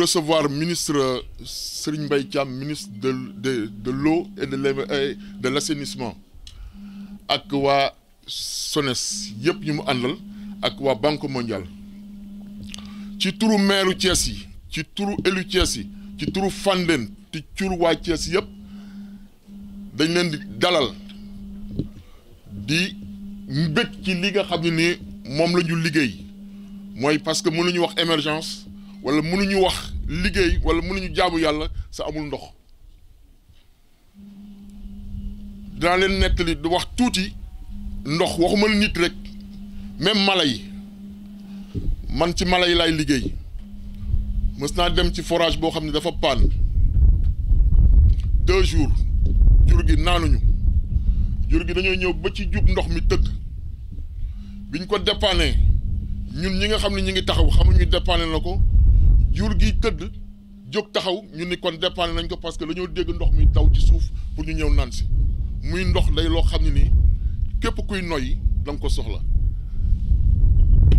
recevoir ministre euh, Serigne Mbaye Thiam ministre de de de l'eau et de l' de l' ak waa SONES yëpp yi mu àndal ak waa banque mondiale ci turu maire Thiès yi ci turu élu Thiès yi ci turu Fandène ci turu waa Thiès yëpp dañ leen di dalal di mbég ci li nga xam ne ni moom la ñu liggéey mooy parce que mënuñu wax émergence wala mënuñu wax liggéey wala nañu jaabu yàlla sa amul ndox dinaa leen nettali du wax tuuti ndox waxuma nit rek même mala yi man ci mala yi laay liggéey mës naa dem ci forage boo xam ne dafa paan deux jours jur gi naanuñu jur gi dañoo ñëw ba ci jub ndox mi tëgg biñ ko dépanné ñun ñi nga xam ne ñu ngi taxaw xamuñu dépanné na ko jur gi tëdd jóg taxaw ñu ni kon dépanné nañ ko parce que dañoo dégg ndox mi daw ci suuf pour ñu ñëw naan si muy ndox day loo xam ne nii képp kuy noyyi da nga ko soxla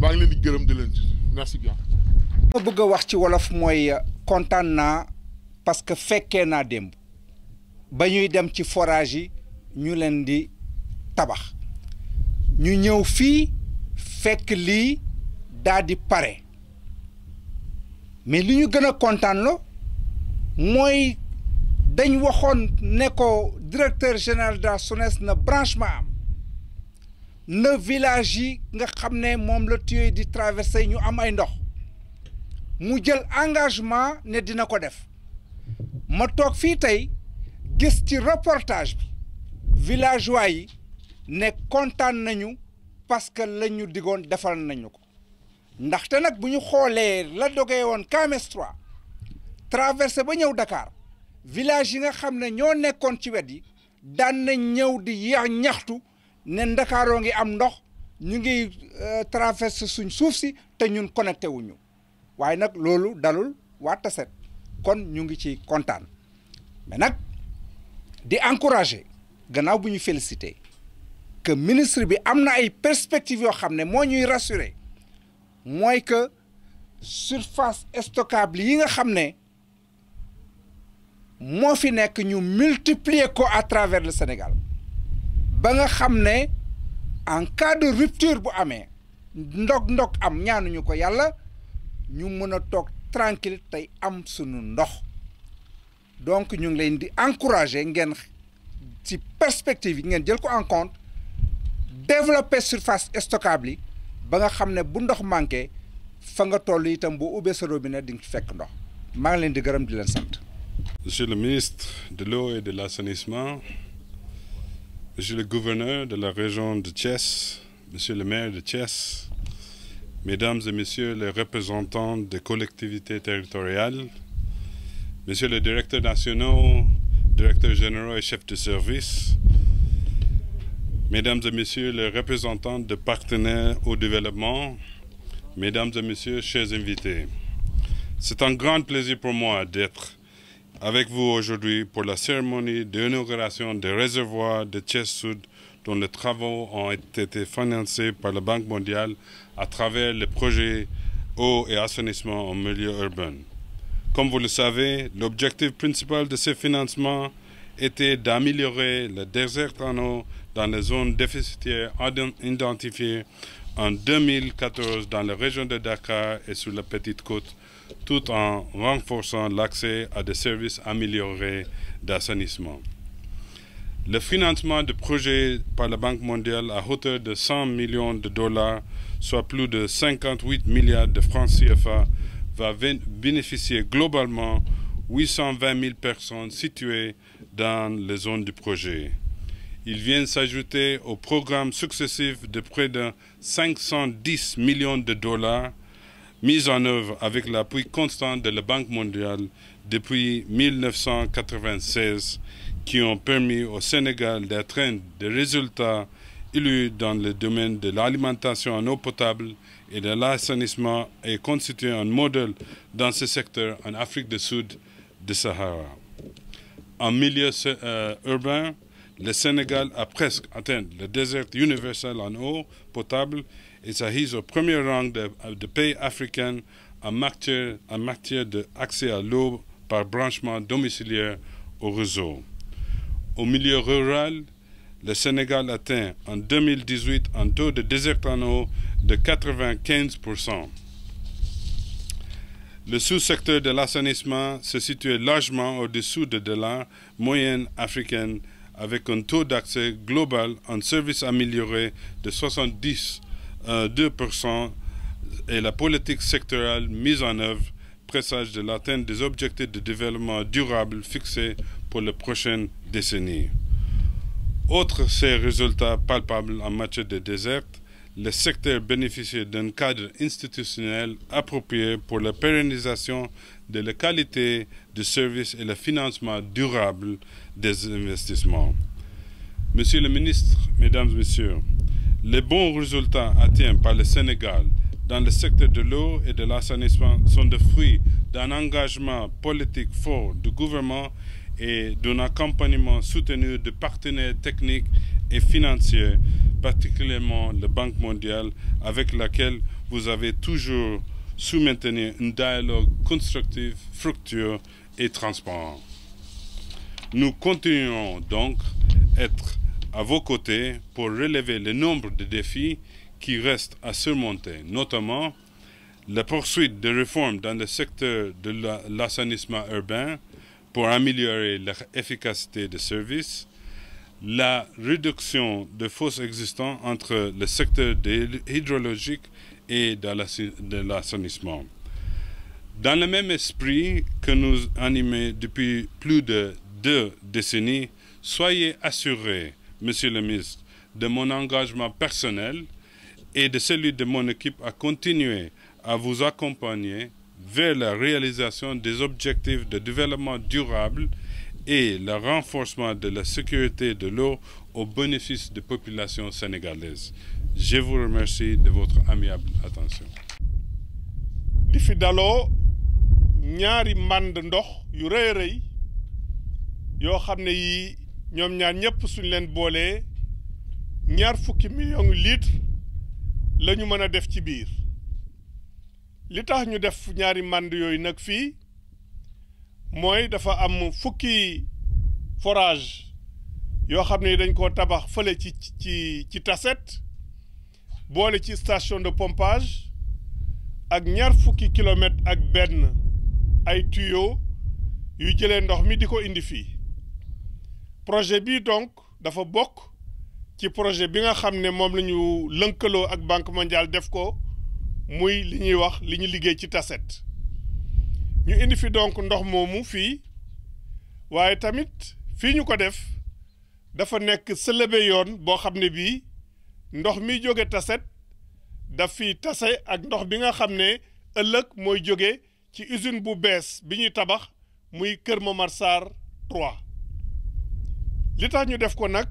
maa ngi leen gërëm di leen merci bien. ma bëgg a wax ci wolof mooy kontaan naa parce que fekkee naa démb ba ñuy dem ci forage yi ñu leen di tabax ñu ñëw fii fekk lii daa di pare. mais li ñu gën a kontaan mooy dañ waxoon ne ko directeur général de SONES na branchement am na village yi nga xam ne moom la tuyau di traversé ñu am ay ndox mu jël engagement ne dina ko def ma toog fii tey gis ci reportage bi villageois yi ne kontaan nañu parce que la digoon defal nañu ko ndaxte nag bu ñu xoolee la dogee woon Kames 3 traversé ba ñëw dakaar village yi nga xam ne ñoo nekkoon ci wet yi daan na ñëw di ya ñaxtu ne Ndakaaroo ngi am ndox ñu ngi euh, traversé suñ suuf si te ñun connecté wuñu waaye nag loolu dalul waa Tassette kon ñu ngi ci kontaan mais nag di encourager gannaaw bu ñu félicité que ministre bi am na ay perspectives yoo xam ne moo ñuy rassurer. mooy que surface stockable yi nga xam ne moo fi nekk ñu multiplier ko à travers le Sénégal ba nga xam ne en cas de rupture bu amee ndog ndog am ñaanuñu ko yàlla ñu mën a toog tranquille tey am sunu ndox donc ñu ngi leen di encourager ngeen ci perspective yi ngeen jël ko en compte développer surface stockable yi ba nga xam ne bu ndox manqué fa nga toll itam boo ubbee sa robinet di fekk ndox maa leen di gërëm di leen sant. Monsieur le ministre de l'eau et de l'assainissement, Monsieur le gouverneur de la région de Thiès, Monsieur le maire de Thiès, Mesdames et Messieurs les représentants des collectivités territoriales, Messieurs les directeur nationaux, directeurs généraux et chefs de service, Mesdames et Messieurs les représentants de partenaires au développement, Mesdames et Messieurs, chers invités, c'est un grand plaisir pour moi d'être avec vous aujourd'hui pour la cérémonie d'inauguration des réservoirs de Thiès Sud dont les travaux ont été financés par la Banque mondiale à travers le projet eau et assainissement en milieu urbain. Comme vous le savez, l'objectif principal de ces financements était d'améliorer le désert en eau dans les zones déficitaires identifiées en 2014 dans la région de Dakar et sur la Petite Côte, tout en renforçant l'accès à des services améliorés d'assainissement. Le financement de projets par Banque mondiale à hauteur de 100 millions de dollars, soit plus de 58 milliards de francs CFA, va bénéficier globalement 820 000 personnes situées dans les zones du projet. Ils viennent s'ajouter aux programmes successifs de près de 510 millions de dollars mis en œuvre avec l'appui constant de la Banque mondiale depuis 1996 qui ont permis au Sénégal d'atteindre des résultats dans le domaine de l'alimentation en eau potable et de l'assainissement et constitue un modèle dans ce secteur Afrique du Sud de Le Sénégal a presque atteint le désert universel en eau potable et s'ahise au premier rang des de pays africains en matière, en matière d'accès à l'eau par branchement domiciliaire au réseau. Au milieu rural, le Sénégal atteint en 2018 un taux de désert en eau de 95%. Le sous-secteur de l'assainissement se situait largement au-dessous de la moyenne africaine avec un taux d'accès global en services améliorés de 72% euh, et la politique sectorielle mise en œuvre pressage de l'atteinte de développement durable fixés pour les prochaines décennies. Autres ces résultats palpables en matière de désert, le secteur bénéficie d'un cadre institutionnel approprié pour la pérennisation de la qualité du service et le financement durable des investissements. Monsieur le ministre, Mesdames, Messieurs, les bons résultats atteints par le Sénégal dans le secteur de l'eau et de l'assainissement sont de fruit d'un engagement politique fort du gouvernement et d'un accompagnement soutenu de partenaires techniques et financiers particulièrement la Banque mondiale, avec laquelle vous avez toujours su maintenir un dialogue constructif, fructueux et transparent. Nous continuerons donc à être à vos côtés pour relever le nombre de défis qui restent à surmonter, notamment la poursuite de réformes dans le secteur de l'assainissement urbain pour améliorer l'efficacité des services, la réduction de fosses existants entre le secteur hydrologique et de l'assainissement. Dans le même esprit que nous animons depuis plus de deux décennies, soyez assurés, Monsieur le ministre, de mon engagement personnel et de celui de mon équipe à continuer à vous accompagner vers la réalisation des objectifs de développement durable et le renforcement de la sécurité de l'eau au bénéfice des populations sénégalaises. Je vous remercie de votre amiable attention. di fi daloo ñaari mànd ndox yu rëy rëy yoo xam ne yii ñoom ñaar ñëpp suñ leen boolee ñaar fukki millions litres la ñu mën a def ci biir li tax ñu def ñaari mànd yooyu nag fii mooy dafa am fukki forage yoo xam ne dañ koo tabax fële ci ci ci Tassette boole ci station de pompage ak ñaar fukki kilomètre ak benn ay tuyaux yu jëlee ndox mi di ko indi fii projet bi donc dafa bokk ci projet bi nga xam ne moom la ñu lënkaloo ak Banque mondiale def ko muy li ñuy wax li ñu liggéey ci taset ñu indi fi donc ndox moomu fii waaye tamit fii ñu ko def dafa nekk sëlëbe yoon boo xam ne bii ndox mi jóge taset daf fi tase ak ndox bi nga xam ne ëllëg mooy jóge ci usine bu bees bi ñuy tabax muy Kër Momar Sarr 3 li tax ñu def ko nag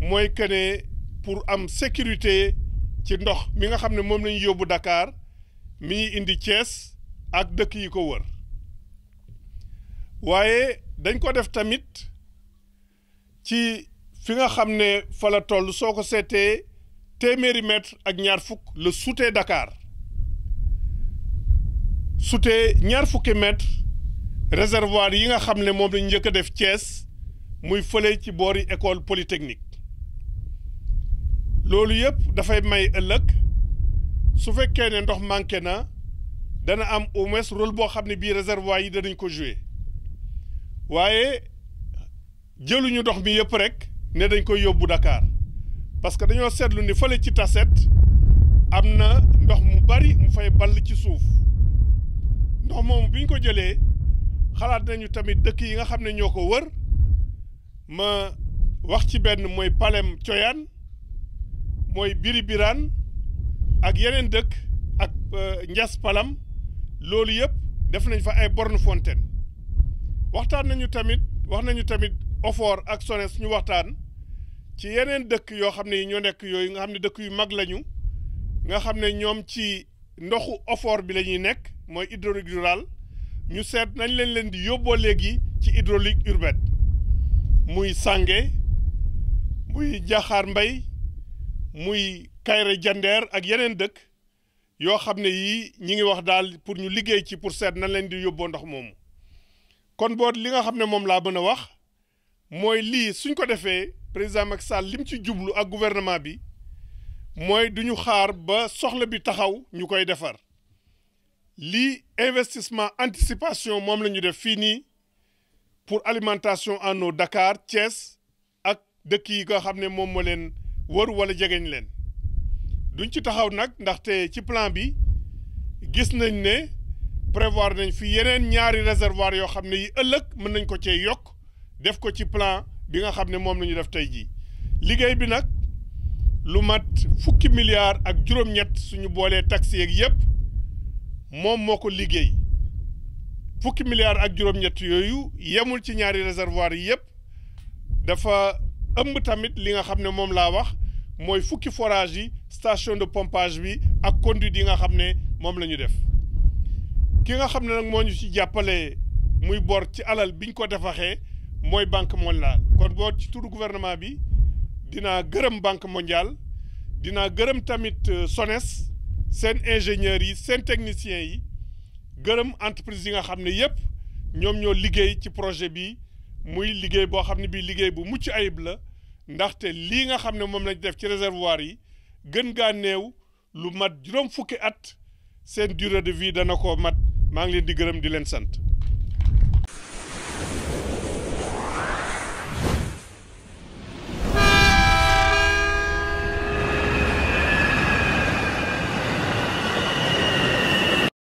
mooy que pour am sécurité ci ndox mi nga xam ne moom la ñu yóbbu Dakar mi ñuy indi Thiès ak dëkk yi ko wër waaye dañ ko def tamit ci fi nga xam ne fa la toll soo ko seetee téeméeri mètre ak ñaar fukk la sutee Dakar sutee ñaar fukki mètre réservoir yi nga xam ne moom lañ njëkk a def Thiès muy fële ci boori école polytechnique loolu yëpp dafay may ëllëg su fekkee ne ndox manqué na dana am au moins rôle boo xam ne bii réservoir yi danañ ko jouer waaye jëluñu ndox mi yëpp rek ne dañ koy yóbbu dakaar parce que dañoo seetlu ni fële ci Tassette am na ndox mu bari mu fay ball ci suuf ndox moomu bi ñu ko jëlee xalaat nañu tamit dëkk yi nga xam ne ñoo ko wër ma wax ci benn mooy Palem Coyaan mooy Biri Biraan ak yeneen dëkk ak euh, Njas Palam loolu yëpp def nañ fa ay borne waxtaan nañu tamit wax nañu tamit OFOR ak SONES ñu waxtaan ci yeneen dëkk yoo xam ne yi ñoo nekk yooyu nga xam ne dëkk yu mag lañu nga xam ne ñoom ci ndoxu OFOR bi la ñuy nekk mooy hydraulique rural ñu seet nañ leen leen di yóbboo léegi ci hydraulique urbaine muy sànge muy Jaxaar Mbay muy Kayre Jandeer ak yeneen dëkk yoo xam ne yii ñi ngi wax daal pour ñu liggéey ci pour seet na leen di yóbboo ndox moomu kon boot li nga xam ne moom laa mën a wax mooy lii suñ ko defee président Macky Sall lim ci jublu ak gouvernement bi mooy duñu xaar ba soxla bi taxaw ñu koy defar lii investissement anticipation moom la ñu def fii nii pour alimentation en eau Dakar Thiès ak dëkk yi nga xam ne moom moo leen wër wala jegeñ leen duñ ci taxaw nag ndaxte ci plan bi gis nañ ne prévoir nañ fi yeneen ñaari réservoir yoo xam ne yi ëllëg mën nañ ko cee yokk def ko ci plan bi nga xam ne moom la ñu def tey jii liggéey bi nag lu mat fukki milliards ak juróom-ñett suñu boolee taxi yeeg yëpp moom moo ko liggéey fukki milliards ak juróom-ñett yooyu yemul ci ñaari réservoir yi yëpp dafa ëmb tamit li nga xam ne moom laa wax mooy fukki forage yi station de pompage bi ak conduite yi nga xam ne moom la ñu def ki nga xam ne nag moo ñu ci jàppale muy bor ci alal biñ ko defaxee mooy banque mondiale kon bor ci turu gouvernement bi dina gërëm banque mondiale dinaa gërëm tamit euh, SONES seen ingénieurs yi seen techniciens yi gërëm entreprise yi nga xam ne yépp ñoom ñoo liggéey ci projet bi muy liggéey boo xam ne bii liggéey bu mucc ayib la ndaxte lii nga xam ne moom lañ def ci réservoir yi gën gaa néew lu mat juróom fukki at seen durée de vie dana ko mat maa ngi leen di gërëm di leen sant